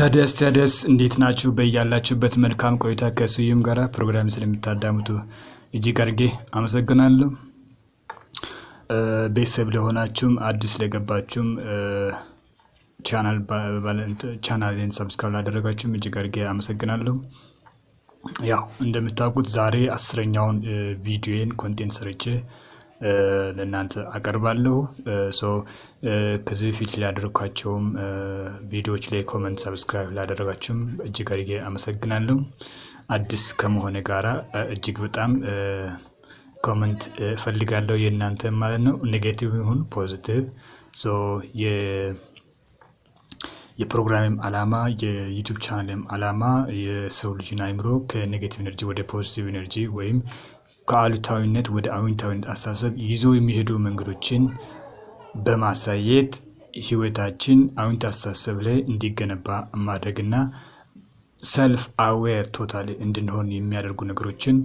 ተደስ ተደስ እንዴት ናችሁ? በያላችሁበት መልካም ቆይታ ከስዩም ጋር ፕሮግራም ስለምታዳምጡ እጅግ አድርጌ አመሰግናለሁ። ቤተሰብ ለሆናችሁም አዲስ ለገባችሁም ቻናልን ሰብስክራይብ ላደረጋችሁም እጅግ አድርጌ አመሰግናለሁ። ያው እንደምታውቁት ዛሬ አስረኛውን ቪዲዮን ኮንቴንት ሰርቼ ለእናንተ አቀርባለሁ። ከዚህ በፊት ላደረግኳቸውም ቪዲዮዎች ላይ ኮመንት፣ ሰብስክራይብ ላደረጋችሁም እጅግ አድርጌ አመሰግናለሁ። አዲስ ከመሆነ ጋራ እጅግ በጣም ኮመንት እፈልጋለሁ የእናንተ ማለት ነው። ኔጌቲቭ ይሁን ፖዚቲቭ የፕሮግራሚም አላማ የዩቱብ ቻናልም አላማ የሰው ልጅን አይምሮ ከኔጌቲቭ ኤነርጂ ወደ ፖዚቲቭ ኤነርጂ ወይም ከአሉታዊነት ወደ አዎንታዊነት አስተሳሰብ ይዞ የሚሄዱ መንገዶችን በማሳየት ህይወታችን አዎንታዊ አስተሳሰብ ላይ እንዲገነባ ማድረግና ሰልፍ አዌር ቶታል እንድንሆን የሚያደርጉ ነገሮችን፣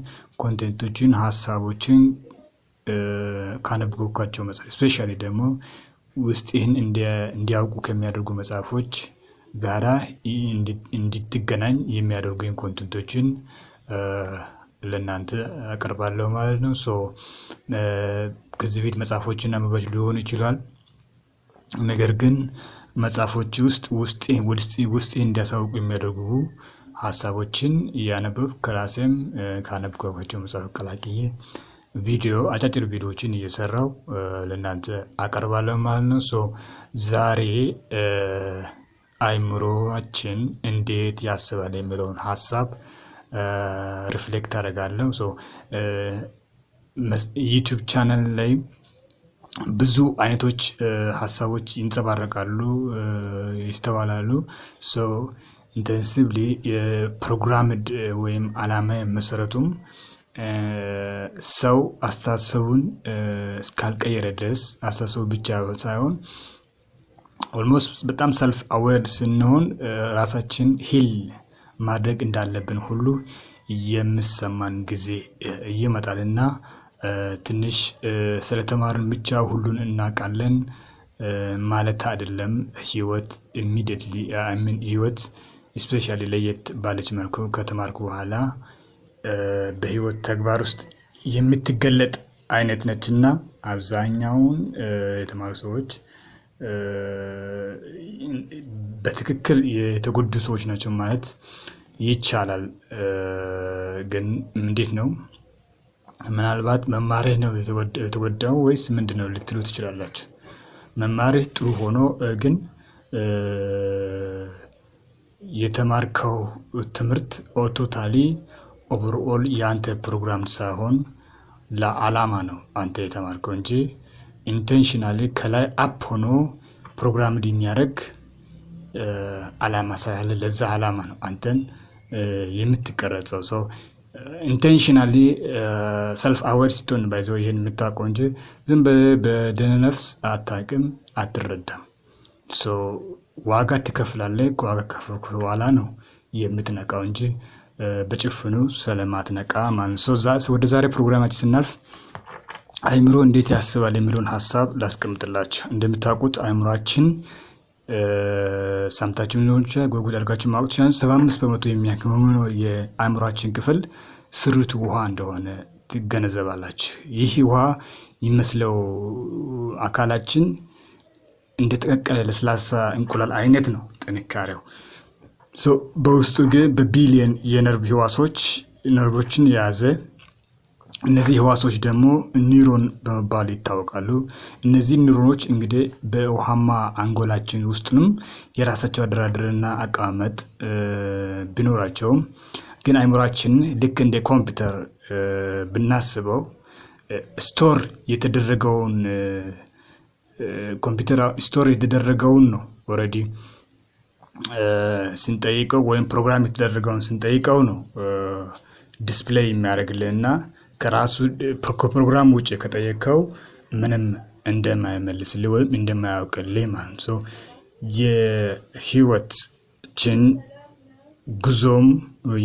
ኮንቴንቶችን፣ ሀሳቦችን ካነበብኳቸው መጽሐፍ ስፔሻሊ ደግሞ ውስጥህን እንዲያውቁ ከሚያደርጉ መጽሐፎች ጋራ እንድትገናኝ የሚያደርጉኝ ኮንቴንቶችን ለእናንተ አቀርባለሁ ማለት ነው። ሶ ከዚህ ቤት መጽሐፎችን አንብባችሁ ሊሆን ይችላል። ነገር ግን መጽሐፎች ውስጥ ውስጤ እንዲያሳውቁ የሚያደርጉ ሀሳቦችን እያነበብ ከራሴም ካነበብኳቸው መጽሐፍ ቀላቅዬ ቪዲዮ አጫጭር ቪዲዮዎችን እየሰራው ለእናንተ አቀርባለሁ ማለት ነው። ሶ ዛሬ አይምሮችን እንዴት ያስባል የሚለውን ሀሳብ ሪፍሌክት አደርጋለሁ። ዩቱብ ቻናል ላይ ብዙ አይነቶች ሀሳቦች ይንጸባረቃሉ፣ ይስተዋላሉ። ኢንተንሲቭሊ የፕሮግራምድ ወይም አላማ መሰረቱም ሰው አስተሳሰቡን እስካልቀየረ ድረስ አስተሳሰቡ ብቻ ሳይሆን ኦልሞስት በጣም ሰልፍ አዌር ስንሆን ራሳችን ሂል ማድረግ እንዳለብን ሁሉ የምሰማን ጊዜ ይመጣልና ትንሽ ስለተማርን ብቻ ሁሉን እናውቃለን ማለት አይደለም። ህይወት ኢሚዲየትሊ ምን ህይወት ስፔሻሊ ለየት ባለች መልኩ ከተማርኩ በኋላ በህይወት ተግባር ውስጥ የምትገለጥ አይነት ነችና አብዛኛውን የተማሩ ሰዎች በትክክል የተጎዱ ሰዎች ናቸው ማለት ይቻላል። ግን እንዴት ነው? ምናልባት መማርህ ነው የተጎዳው ወይስ ምንድን ነው ልትሉ ትችላላችሁ። መማርህ ጥሩ ሆኖ ግን የተማርከው ትምህርት ኦቶታሊ ኦቨርኦል የአንተ ፕሮግራም ሳይሆን ለዓላማ ነው አንተ የተማርከው እንጂ ኢንቴንሽናሊ ከላይ አፕ ሆኖ ፕሮግራም የሚያደርግ አላማ ሳያለ ለዛ አላማ ነው አንተን የምትቀረጸው ሰው ኢንቴንሽናሊ ሰልፍ አዌር ስትሆን ባይዘው ይህን የምታውቀው እንጂ ዝም በደህነ ነፍስ አታውቅም፣ አትረዳም። ዋጋ ትከፍላለህ። ዋጋ ከፈልኩ በኋላ ነው የምትነቃው እንጂ በጭፍኑ ስለማትነቃ ማለት ነው። ወደ ዛሬ ፕሮግራማችን ስናልፍ አይምሮ እንዴት ያስባል የሚለውን ሀሳብ ላስቀምጥላችሁ። እንደምታውቁት አይምሯችን ሰምታችሁ ሊሆን ይችላል፣ ጎርጎድ አድርጋችሁ ማወቅ ትችላላችሁ። ሰባ አምስት በመቶ የሚያክመው የአእምሯችን ክፍል ስሪቱ ውሃ እንደሆነ ትገነዘባላችሁ። ይህ ውሃ የሚመስለው አካላችን እንደተቀቀለ ለስላሳ እንቁላል አይነት ነው ጥንካሬው። በውስጡ ግን በቢሊየን የነርቭ ህዋሶች ነርቮችን የያዘ እነዚህ ህዋሶች ደግሞ ኒውሮን በመባል ይታወቃሉ። እነዚህ ኒውሮኖች እንግዲህ በውሃማ አንጎላችን ውስጥንም የራሳቸው አደራደርና አቀማመጥ ቢኖራቸውም ግን አይምሯችን ልክ እንደ ኮምፒውተር ብናስበው ስቶር የተደረገውን ኮምፒውተር ስቶር የተደረገውን ነው ኦልሬዲ ስንጠይቀው ወይም ፕሮግራም የተደረገውን ስንጠይቀው ነው ዲስፕሌይ የሚያደርግልን እና ከራሱ ከፕሮግራም ውጭ ከጠየቀው ምንም እንደማይመልስልህ ወይም እንደማያውቅልህ ማለት ነው። የህይወታችን ጉዞም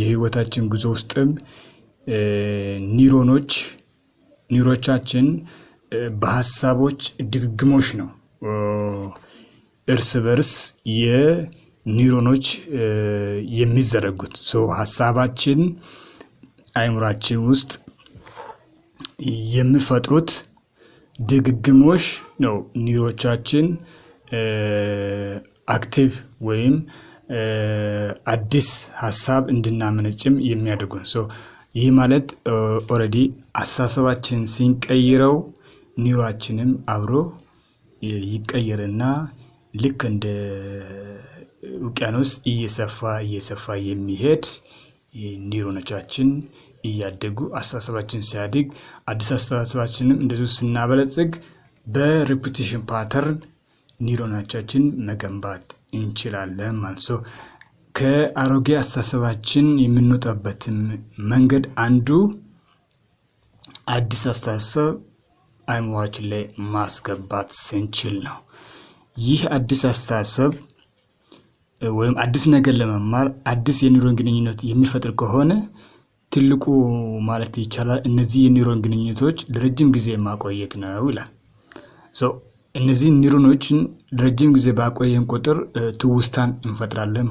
የህይወታችን ጉዞ ውስጥም ኒውሮኖች ኒውሮቻችን በሀሳቦች ድግግሞች ነው። እርስ በርስ የኒውሮኖች የሚዘረጉት ሀሳባችን አይምራችን ውስጥ የሚፈጥሩት ድግግሞሽ ነው ኒሮቻችን አክቲቭ ወይም አዲስ ሀሳብ እንድናመነጭም የሚያደርጉን። ሶ ይህ ማለት ኦልሬዲ አስተሳሰባችን ሲንቀይረው ኒሮችንም አብሮ ይቀየርና ልክ እንደ ውቅያኖስ እየሰፋ እየሰፋ የሚሄድ ኒሮኖቻችን እያደጉ አስተሳሰባችን ሲያድግ አዲስ አስተሳሰባችንም እንደዚሁ ስናበለጽግ በሪፒቲሽን ፓተርን ኒውሮኖቻችን መገንባት እንችላለን ማለት ሰው ከአሮጌ አስተሳሰባችን የምንወጣበትን መንገድ አንዱ አዲስ አስተሳሰብ አይምሯችን ላይ ማስገባት ስንችል ነው። ይህ አዲስ አስተሳሰብ ወይም አዲስ ነገር ለመማር አዲስ የኒውሮን ግንኙነት የሚፈጥር ከሆነ ትልቁ ማለት ይቻላል እነዚህ የኒውሮን ግንኙነቶች ለረጅም ጊዜ ማቆየት ነው ይላል። እነዚህ ኒውሮኖችን ለረጅም ጊዜ ባቆየን ቁጥር ትውስታን እንፈጥራለን።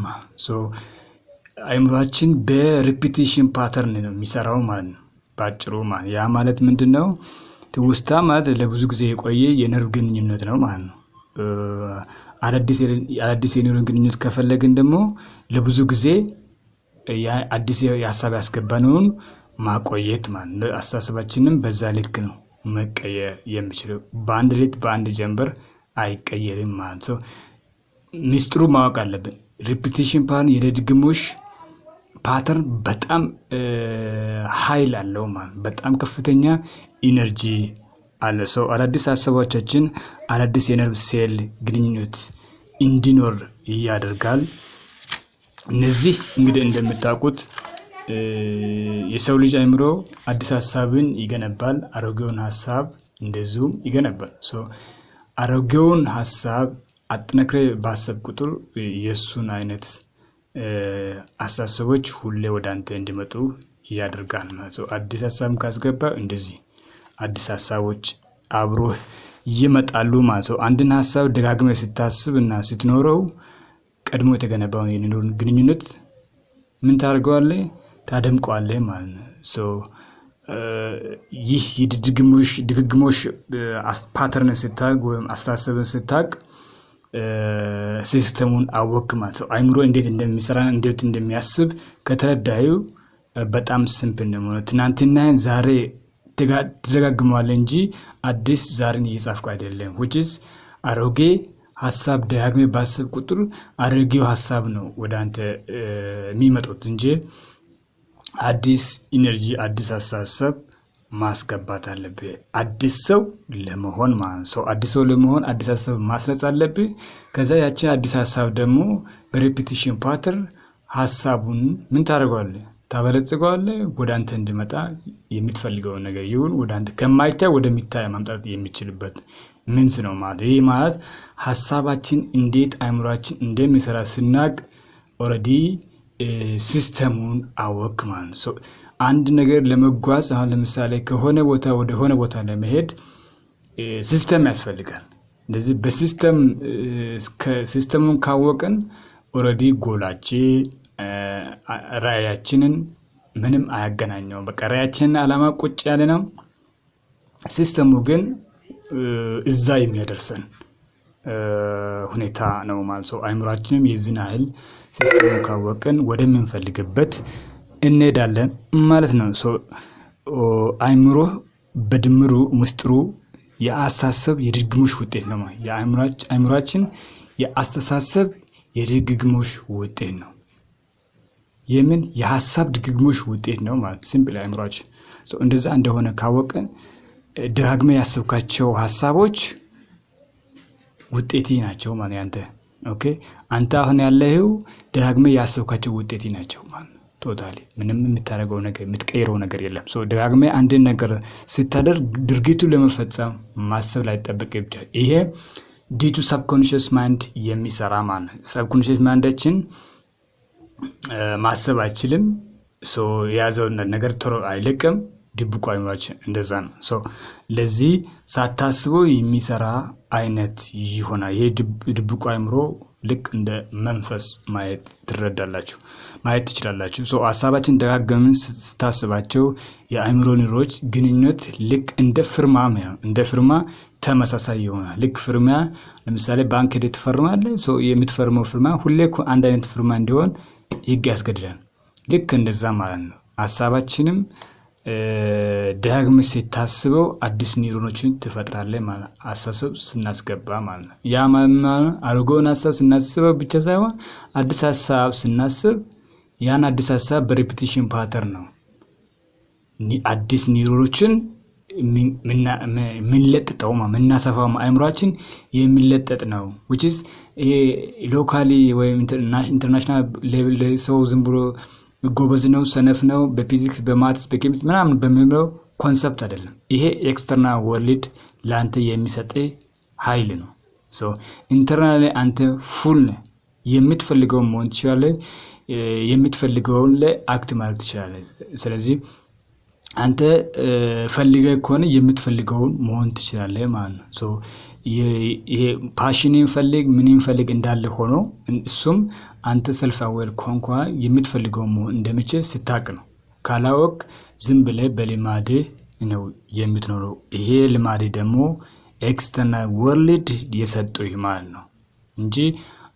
አይምሯችን በሪፒቲሽን ፓተርን ነው የሚሰራው ማለት ነው በአጭሩ። ያ ማለት ምንድን ነው? ትውስታ ማለት ለብዙ ጊዜ የቆየ የነርቭ ግንኙነት ነው ማለት ነው። አዳዲስ የኒውሮን ግንኙነት ከፈለግን ደግሞ ለብዙ ጊዜ አዲስ የሀሳብ ያስገባነውን ማቆየት ማለት አስተሳሰባችንም በዛ ልክ ነው መቀየር የሚችለው። በአንድ ሌት በአንድ ጀንበር አይቀየርም ማለት ሰው ሚስጥሩ ማወቅ አለብን። ሪፒቴሽን ፓን የድግግሞሽ ፓተርን በጣም ኃይል አለው ማለት በጣም ከፍተኛ ኢነርጂ አለ። ሰው አዳዲስ ሀሳቦቻችን አዳዲስ የነርቭ ሴል ግንኙነት እንዲኖር ያደርጋል። እነዚህ እንግዲህ እንደምታውቁት የሰው ልጅ አይምሮ አዲስ ሀሳብን ይገነባል፣ አሮጌውን ሀሳብ እንደዚሁም ይገነባል። አሮጌውን ሀሳብ አጠናክሬ ባሰብ ቁጥር የእሱን አይነት አሳሰቦች ሁሌ ወደ አንተ እንዲመጡ ያደርጋል ማለት ነው። አዲስ ሀሳብን ካስገባ እንደዚህ አዲስ ሀሳቦች አብሮህ ይመጣሉ ማለት ነው። አንድን ሀሳብ ደጋግመህ ስታስብ እና ስትኖረው ቀድሞ የተገነባውን የኔን ግንኙነት ምን ታደርገዋለህ? ታደምቀዋለህ ማለት ነው። ይህ ድግግሞሽ ፓተርንን ስታቅ ወይም አስተሳሰብን ስታቅ ሲስተሙን አወክ ማለት ነው። አይምሮ እንዴት እንደሚሰራ እንዴት እንደሚያስብ ከተረዳዩ በጣም ስምፕል ነው። ትናንትና ዛሬ ትደጋግመዋለህ እንጂ አዲስ ዛሬን እየጻፍኩ አይደለም። ውጭስ አሮጌ ሀሳብ ደጋግሜ ባስብ ቁጥር አሮጌው ሀሳብ ነው ወደ አንተ የሚመጡት እንጂ አዲስ ኢነርጂ አዲስ አሳሰብ ማስገባት አለብህ። አዲስ ሰው ለመሆን ሰው አዲስ ሰው ለመሆን አዲስ ሀሳብ ማስረጽ አለብህ። ከዛ ያችን አዲስ ሀሳብ ደግሞ በሬፒቲሽን ፓተር ሀሳቡን ምን ታደርገዋለህ? ታበለጽገዋለህ። ወደ አንተ እንዲመጣ የምትፈልገውን ነገር ይሁን ወደ አንተ ከማይታይ ወደሚታይ ማምጣት የሚችልበት ምንስ ነው ማለት ይህ ማለት ሀሳባችን እንዴት አይምሯችን እንደሚሰራ ስናቅ ኦልሬዲ ሲስተሙን አወክ ማለት ነው። አንድ ነገር ለመጓዝ አሁን ለምሳሌ ከሆነ ቦታ ወደ ሆነ ቦታ ለመሄድ ሲስተም ያስፈልጋል። እንደዚህ በሲስተም ሲስተሙን ካወቅን ኦልሬዲ ጎላችን ራዕያችንን ምንም አያገናኘውም። በቃ ራዕያችንን አላማ ቁጭ ያለ ነው። ሲስተሙ ግን እዛ የሚያደርሰን ሁኔታ ነው ማለት ሰው። አይምሯችንም የዚህን ያህል ሲስተሙ ካወቅን ወደምንፈልግበት እንሄዳለን ማለት ነው። አይምሮ በድምሩ ምስጢሩ የአስተሳሰብ የድግግሞሽ ውጤት ነው። አይምሯችን የአስተሳሰብ የድግግሞሽ ውጤት ነው። የምን የሀሳብ ድግግሞሽ ውጤት ነው ማለት ሲምፕል አይምሯችን እንደዛ እንደሆነ ካወቀን ደጋግመ ያሰብካቸው ሀሳቦች ውጤት ናቸው ማለት አንተ ኦኬ አንተ አሁን ያለህው ደጋግመ ያሰብካቸው ውጤት ናቸው ማለት ቶታሊ ምንም የምታደርገው ነገር የምትቀይረው ነገር የለም። ሶ ደጋግመ አንድን ነገር ስታደርግ ድርጊቱን ለመፈጸም ማሰብ ላይ ጠብቅ ብቻ ይሄ ዲቱ ሰብኮንሽስ ማይንድ የሚሰራ ማለት ነው። ሰብኮንሽስ ማይንዳችን ማሰብ አይችልም። ሶ የያዘውን ነገር ቶሎ አይለቅም። ድብቁ አይምሯችን እንደዛ ነው። ሰው ለዚህ ሳታስበው የሚሰራ አይነት ይሆናል። ይሄ ድብቁ አይምሮ ልክ እንደ መንፈስ ማየት ትረዳላችሁ፣ ማየት ትችላላችሁ። ሰው ሀሳባችን ደጋገምን ስታስባቸው የአይምሮ ኒሮች ግንኙነት ልክ እንደ ፍርማ እንደ ፍርማ ተመሳሳይ ይሆናል። ልክ ፊርማ ለምሳሌ ባንክ ሄደህ ትፈርማለህ። ሰው የምትፈርመው ፍርማ ሁሌ አንድ አይነት ፍርማ እንዲሆን ህግ ያስገድዳል። ልክ እንደዛ ማለት ነው ሀሳባችንም ዳግም ሲታስበው አዲስ ኒውሮኖችን ትፈጥራለህ ማለት አሳሰብ ስናስገባ ማለት ነው። ያ አልጎን ሀሳብ ስናስበው ብቻ ሳይሆን አዲስ ሀሳብ ስናስብ ያን አዲስ ሀሳብ በሬፒቲሽን ፓተር ነው አዲስ ኒውሮኖችን የምንለጥጠው የምናሰፋው አእምሯችን የሚለጠጥ ነው። ዊችስ ይሄ ሎካሊ ወይም ኢንተርናሽናል ሌቭል ሰው ዝም ብሎ ጎበዝ ነው፣ ሰነፍ ነው፣ በፊዚክስ በማትስ በኬሚስ ምናምን በሚምለው ኮንሰፕት አይደለም። ይሄ ኤክስተርናል ወርልድ ለአንተ የሚሰጥ ኃይል ነው። ኢንተርናል አንተ ፉል ነህ። የምትፈልገውን መሆን ትችላለህ። የምትፈልገውን ላይ አክት ማድረግ ትችላለህ። ስለዚህ አንተ ፈልገህ ከሆነ የምትፈልገውን መሆን ትችላለህ ማለት ነው። ፓሽን ፈልግ ምን ፈልግ እንዳለ ሆኖ እሱም አንተ ሰልፍ አዌር ኳንኳ የምትፈልገው መሆን እንደምችል ስታቅ ነው። ካላወቅ ዝም ብለህ በልማድህ ነው የምትኖረው። ይሄ ልማድህ ደግሞ ኤክስተርናል ወርልድ የሰጠው ማለት ነው እንጂ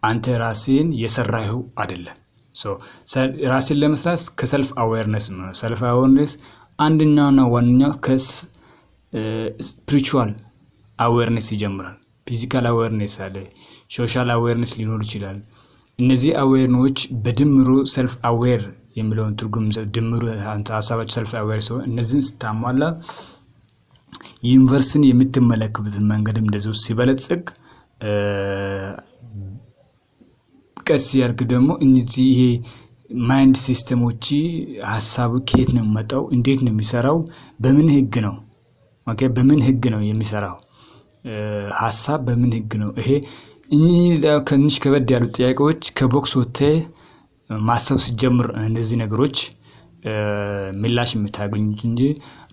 አንተ ራስህን የሰራኸው አይደለም። ራስን ለመስራት ከሰልፍ አዌርነስ ነው። ሰልፍ አዌርነስ አንደኛውና ዋነኛው ከስፕሪቹዋል አዌርነስ ይጀምራል። ፊዚካል አዌርነስ አለ፣ ሶሻል አዌርነስ ሊኖር ይችላል። እነዚህ አዌርኖች በድምሩ ሰልፍ አዌር የሚለውን ትርጉም ድምሩ ሀሳባቸው ሰልፍ አዌር ሲሆን እነዚህን ስታሟላ ዩኒቨርስን የምትመለክበትን መንገድም እንደዚሁ ሲበለጽግ ቀስ ያርግ ደግሞ እነዚህ ይሄ ማይንድ ሲስተሞች ሀሳቡ ከየት ነው የሚመጣው? እንዴት ነው የሚሰራው? በምን ህግ ነው በምን ህግ ነው የሚሰራው? ሀሳብ በምን ህግ ነው ይሄ እኚህ ትንሽ ከበድ ያሉት ጥያቄዎች ከቦክስ ወጥተህ ማሰብ ሲጀምር እነዚህ ነገሮች ምላሽ የምታገኙት እንጂ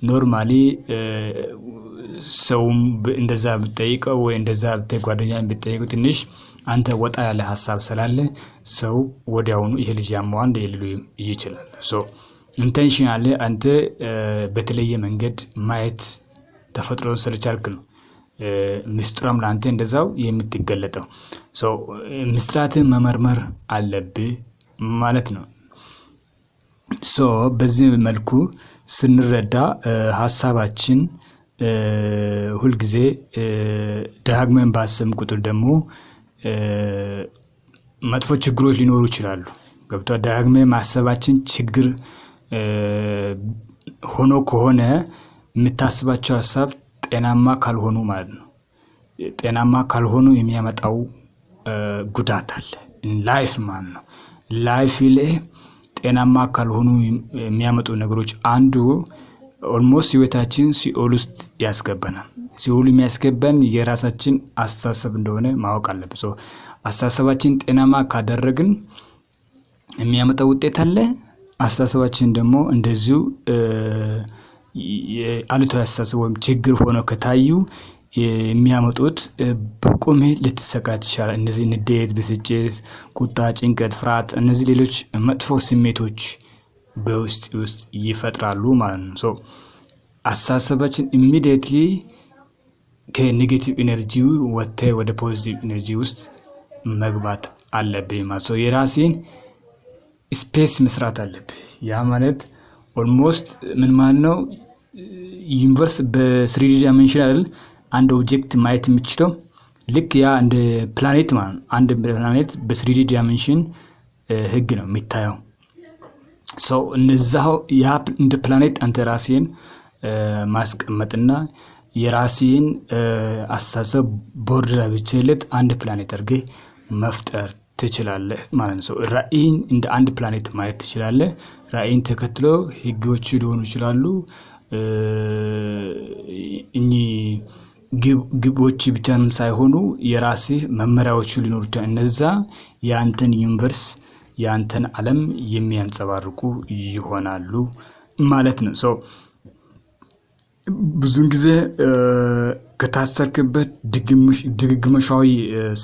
ኖርማሊ ሰውም እንደዛ ብጠይቀው ወይ እንደዛ ብታይ ጓደኛህን ብጠይቀው ትንሽ አንተ ወጣ ያለ ሀሳብ ስላለ ሰው ወዲያውኑ ይሄ ልጅ ያመዋል የልሉ ይችላል። ኢንቴንሽን አለ አንተ በተለየ መንገድ ማየት ተፈጥሮን ስለቻልክ ነው። ምስጢሯም ለአንተ እንደዛው የምትገለጠው ሰው ምስጢራትን መመርመር አለብህ ማለት ነው። ሶ በዚህ መልኩ ስንረዳ ሀሳባችን ሁልጊዜ ደጋግመን ባሰብን ቁጥር ደግሞ መጥፎ ችግሮች ሊኖሩ ይችላሉ። ገብቷል። ደጋግመን ማሰባችን ችግር ሆኖ ከሆነ የምታስባቸው ሀሳብ ጤናማ ካልሆኑ ማለት ነው። ጤናማ ካልሆኑ የሚያመጣው ጉዳት አለ። ላይፍ ማለት ነው። ላይፍ ላይ ጤናማ ካልሆኑ የሚያመጡ ነገሮች አንዱ ኦልሞስት ህይወታችን ሲኦል ውስጥ ያስገባናል። ሲኦል የሚያስገባን የራሳችን አስተሳሰብ እንደሆነ ማወቅ አለብን። አስተሳሰባችን ጤናማ ካደረግን የሚያመጣው ውጤት አለ። አስተሳሰባችን ደግሞ እንደዚሁ አሉታዊ አስተሳሰብ ወይም ችግር ሆነው ከታዩ የሚያመጡት በቁምህ ልትሰቃ ትችላል። እነዚህ ንዴት፣ ብስጭት፣ ቁጣ፣ ጭንቀት፣ ፍርሃት፣ እነዚህ ሌሎች መጥፎ ስሜቶች በውስጥ ውስጥ ይፈጥራሉ ማለት ነው። ሶ አስተሳሰባችን ኢሚዲየትሊ ከኔጌቲቭ ኢነርጂ ወጥተ ወደ ፖዚቲቭ ኢነርጂ ውስጥ መግባት አለብኝ ማለት ሶ የራሴን ስፔስ መስራት አለብ ያ ማለት ኦልሞስት ምን ማለት ነው? ዩኒቨርስ በስሪዲ ዳይመንሽን አይደል አንድ ኦብጀክት ማየት የምችለው ልክ ያ እንደ ፕላኔት ማለት ነው። አንድ ፕላኔት በስሪዲ ዳይመንሽን ህግ ነው የሚታየው። ሰው እነዛው ያ እንደ ፕላኔት አንተ ራሴን ማስቀመጥና የራሴን አስተሳሰብ ቦርደር ብቻለት አንድ ፕላኔት አድርጌ መፍጠር ትችላለህ ማለት ነው። ራእይን እንደ አንድ ፕላኔት ማየት ትችላለህ። ራእይን ተከትሎ ህጎች ሊሆኑ ይችላሉ። እኚህ ግቦች ብቻም ሳይሆኑ የራስህ መመሪያዎች ሊኖሩ እነዛ የአንተን ዩኒቨርስ የአንተን ዓለም የሚያንጸባርቁ ይሆናሉ ማለት ነው። ሰው ብዙን ጊዜ ከታሰርክበት ድግግመሻዊ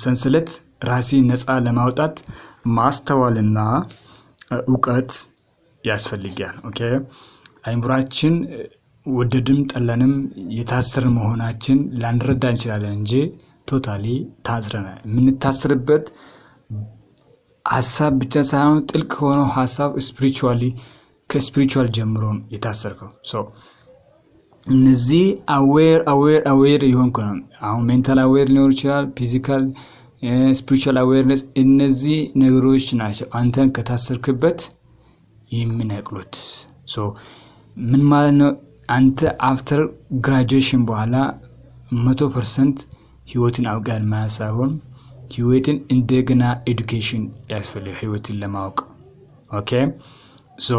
ሰንሰለት ራሴ ነፃ ለማውጣት ማስተዋልና እውቀት ያስፈልጋል። ኦኬ አይምሯችን ወደድም ጠለንም የታሰር መሆናችን ላንረዳ እንችላለን እንጂ ቶታሊ ታስረናል። የምንታስርበት ሀሳብ ብቻ ሳይሆን ጥልቅ ከሆነው ሀሳብ ስፒሪቹዋሊ ከስፒሪቹዋል ጀምሮ የታሰርከው እነዚህ አዌር አዌር አዌር የሆንኩ ነው። አሁን ሜንታል አዌር ሊኖር ይችላል፣ ፊዚካል ስፒሪቹዋል አዌርነስ። እነዚህ ነገሮች ናቸው አንተን ከታሰርክበት የሚነቅሉት። ምን ማለት ነው? አንተ አፍተር ግራጁዌሽን በኋላ መቶ ፐርሰንት ህይወትን አውቃል ማለት ሳይሆን ህይወትን እንደገና ኤዱኬሽን ያስፈልግ ህይወትን ለማወቅ ኦኬ። ሶ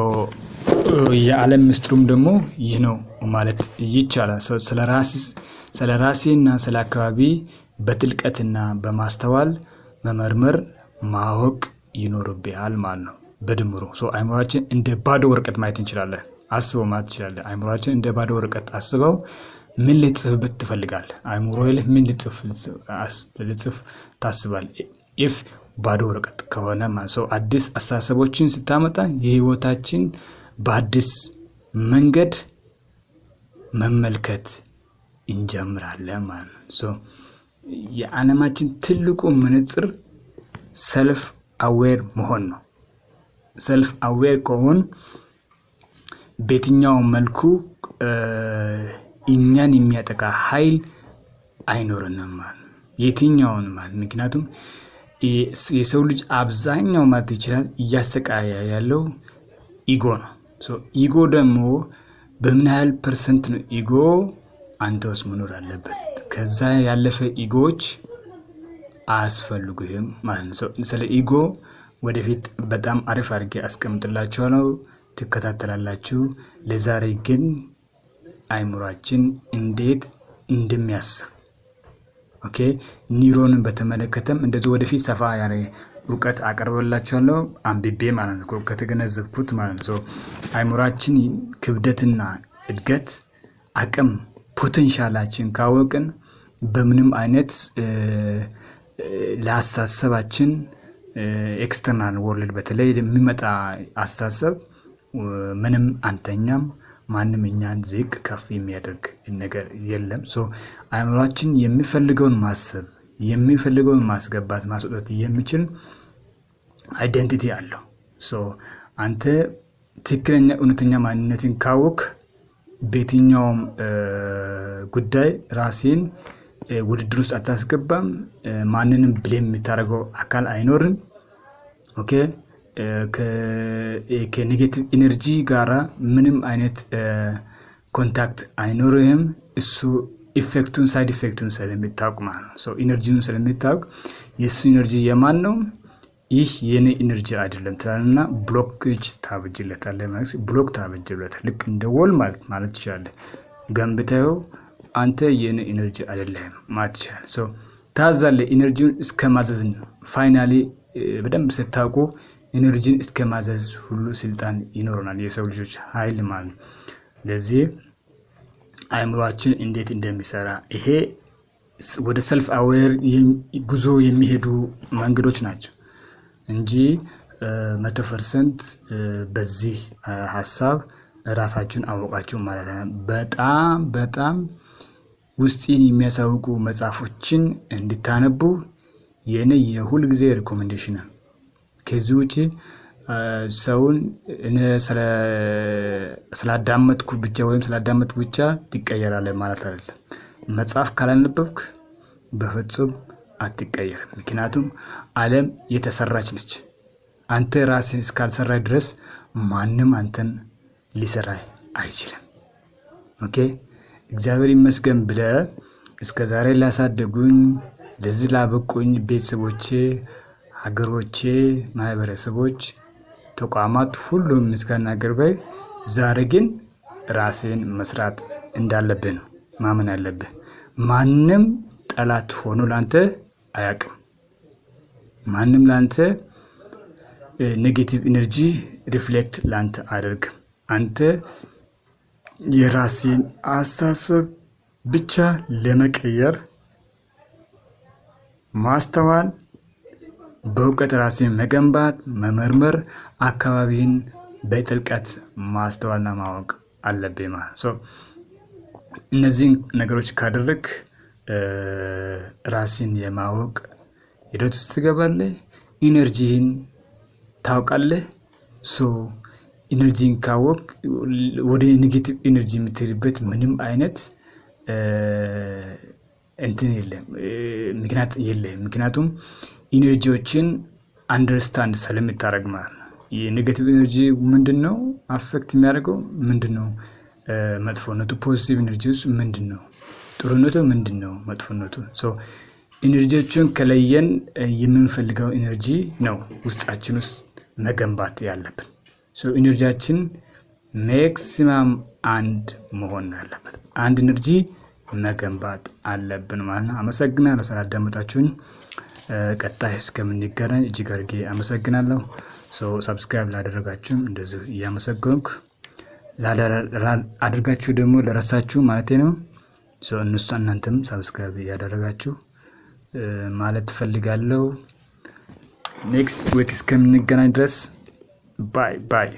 የዓለም ምስጢሩም ደግሞ ይህ ነው ማለት ይቻላል። ስለ ራሴና ስለ አካባቢ በጥልቀትና በማስተዋል መመርመር ማወቅ ይኖርብሃል ማለት ነው። በድምሩ አይምሯችን እንደ ባዶ ወረቀት ማየት እንችላለን። አስበው ማለት ትችላለህ። አይምሮችን እንደ ባዶ ወረቀት አስበው። ምን ልጽፍበት ትፈልጋለህ? አይምሮ ልህ ምን ልጽፍ ታስባል? ኢፍ ባዶ ወረቀት ከሆነ ማለት ሰው አዲስ አስተሳሰቦችን ስታመጣ የህይወታችን በአዲስ መንገድ መመልከት እንጀምራለን ማለት ነው። የዓለማችን ትልቁ መነጽር ሰልፍ አዌር መሆን ነው። ሰልፍ አዌር ከሆን በየትኛውም መልኩ እኛን የሚያጠቃ ኃይል አይኖርንም ማለት ነው። የትኛውን ማለት ምክንያቱም የሰው ልጅ አብዛኛው ማለት ይችላል እያሰቃያ ያለው ኢጎ ነው። ኢጎ ደግሞ በምን ያህል ፐርሰንት ነው ኢጎ አንተ ውስጥ መኖር አለበት። ከዛ ያለፈ ኢጎዎች አያስፈልጉህም ማለት ነው። ስለ ኢጎ ወደፊት በጣም አሪፍ አድርጌ አስቀምጥላችኋለሁ። ትከታተላላችሁ። ለዛሬ ግን አይምሯችን እንዴት እንደሚያስብ ኦኬ፣ ኒውሮንን በተመለከተም እንደዚህ ወደፊት ሰፋ ያለ እውቀት አቀርበላችኋለሁ። አንብቤ ማለት ነው ከተገነዘብኩት ማለት ነው። አይምሯችን ክብደትና እድገት አቅም ፖቴንሻላችን ካወቅን በምንም አይነት ለአስተሳሰባችን ኤክስተርናል ወርልድ በተለይ የሚመጣ አስተሳሰብ ምንም አንተኛም፣ ማንም እኛን ዝቅ ከፍ የሚያደርግ ነገር የለም። አእምሯችን የሚፈልገውን ማሰብ የሚፈልገውን ማስገባት ማስወጣት የሚችል አይደንቲቲ አለው። አንተ ትክክለኛ እውነተኛ ማንነትን ካወክ በየትኛውም ጉዳይ ራሴን ውድድር ውስጥ አታስገባም። ማንንም ብሌም የምታደርገው አካል አይኖርም። ኦኬ ከኔጌቲቭ ኢነርጂ ጋራ ምንም አይነት ኮንታክት አይኖርህም። እሱ ኢፌክቱን ሳይድ ኢፌክቱን ስለሚታውቅ ማለት ነው። ኢነርጂውን ስለሚታውቅ የእሱ ኢነርጂ የማን ነው? ይህ የኔ ኢነርጂ አይደለም ትላልና ብሎክጅ ታበጅለታለህ። ማለት ብሎክ ታበጅለታል። ልክ እንደ ወል ማለት ማለት ይችላል። ገንብተው አንተ የኔ ኢነርጂ አይደለም ማለት ይችላል። ሶ ታዛለህ። ኢነርጂውን እስከ ማዘዝን ፋይናሊ በደንብ ስታውቁ ኢነርጂን እስከ ማዘዝ ሁሉ ስልጣን ይኖረናል የሰው ልጆች ኃይል ማለት ነው። ለዚህ አእምሯችን እንዴት እንደሚሰራ ይሄ ወደ ሰልፍ አዌር ጉዞ የሚሄዱ መንገዶች ናቸው እንጂ መቶ ፐርሰንት በዚህ ሀሳብ ራሳችሁን አወቃችሁ ማለት ነው። በጣም በጣም ውስጢን የሚያሳውቁ መጽሐፎችን እንድታነቡ የእኔ የሁልጊዜ ሪኮሜንዴሽን ነው። ከዚህ ውጭ ሰውን ስላዳመጥኩ ብቻ ወይም ስላዳመጥኩ ብቻ ትቀየራለህ ማለት አይደለም። መጽሐፍ ካላነበብክ በፍጹም አትቀየርም። ምክንያቱም ዓለም የተሰራች ነች። አንተ ራስህ እስካልሰራ ድረስ ማንም አንተን ሊሰራ አይችልም። ኦኬ እግዚአብሔር ይመስገን ብለህ እስከ ዛሬ ላሳደጉኝ፣ ለዚህ ላበቁኝ ቤተሰቦቼ ሀገሮቼ፣ ማህበረሰቦች፣ ተቋማት ሁሉም ምስጋና አቅርበን ዛሬ ግን ራሴን መስራት እንዳለብን ማመን አለብን። ማንም ጠላት ሆኖ ላንተ አያውቅም። ማንም ላንተ ኔጌቲቭ ኢነርጂ ሪፍሌክት ላንተ አድርግ። አንተ የራሴን አሳሰብ ብቻ ለመቀየር ማስተዋል በእውቀት ራስን መገንባት፣ መመርመር፣ አካባቢህን በጥልቀት ማስተዋልና ማወቅ አለብኝ ማለት እነዚህን ነገሮች ካደረግ ራስን የማወቅ ሂደት ውስጥ ትገባለህ። ኢነርጂህን ታውቃለህ። ሶ ኢነርጂን ካወቅ ወደ ኔጌቲቭ ኢነርጂ የምትሄድበት ምንም አይነት እንትን የለም ምክንያት ምክንያቱም ኢነርጂዎችን አንደርስታንድ ስለሚታደርግ ማለት ነው። የኔጌቲቭ ኢነርጂ ምንድን ነው አፌክት የሚያደርገው ምንድን ነው መጥፎነቱ፣ ፖዚቲቭ ኢነርጂ ውስጥ ምንድን ነው ጥሩነቱ፣ ምንድን ነው መጥፎነቱ። ኢነርጂዎችን ከለየን የምንፈልገው ኢነርጂ ነው ውስጣችን ውስጥ መገንባት ያለብን። ኢነርጂያችን ሜክሲማም አንድ መሆን ያለበት አንድ ኢነርጂ መገንባት አለብን ማለት ነው። አመሰግናለሁ ስላዳመጣችሁኝ። ቀጣይ እስከምንገናኝ እጅግ አድርጌ አመሰግናለሁ። ሰው ሰብስክራይብ ላደረጋችሁም እንደዚሁ እያመሰገንኩ አድርጋችሁ ደግሞ ለረሳችሁ ማለት ነው ሰው እነሱ እናንተም ሰብስክራይብ እያደረጋችሁ ማለት ትፈልጋለሁ ኔክስት ዊክ እስከምንገናኝ ድረስ ባይ ባይ።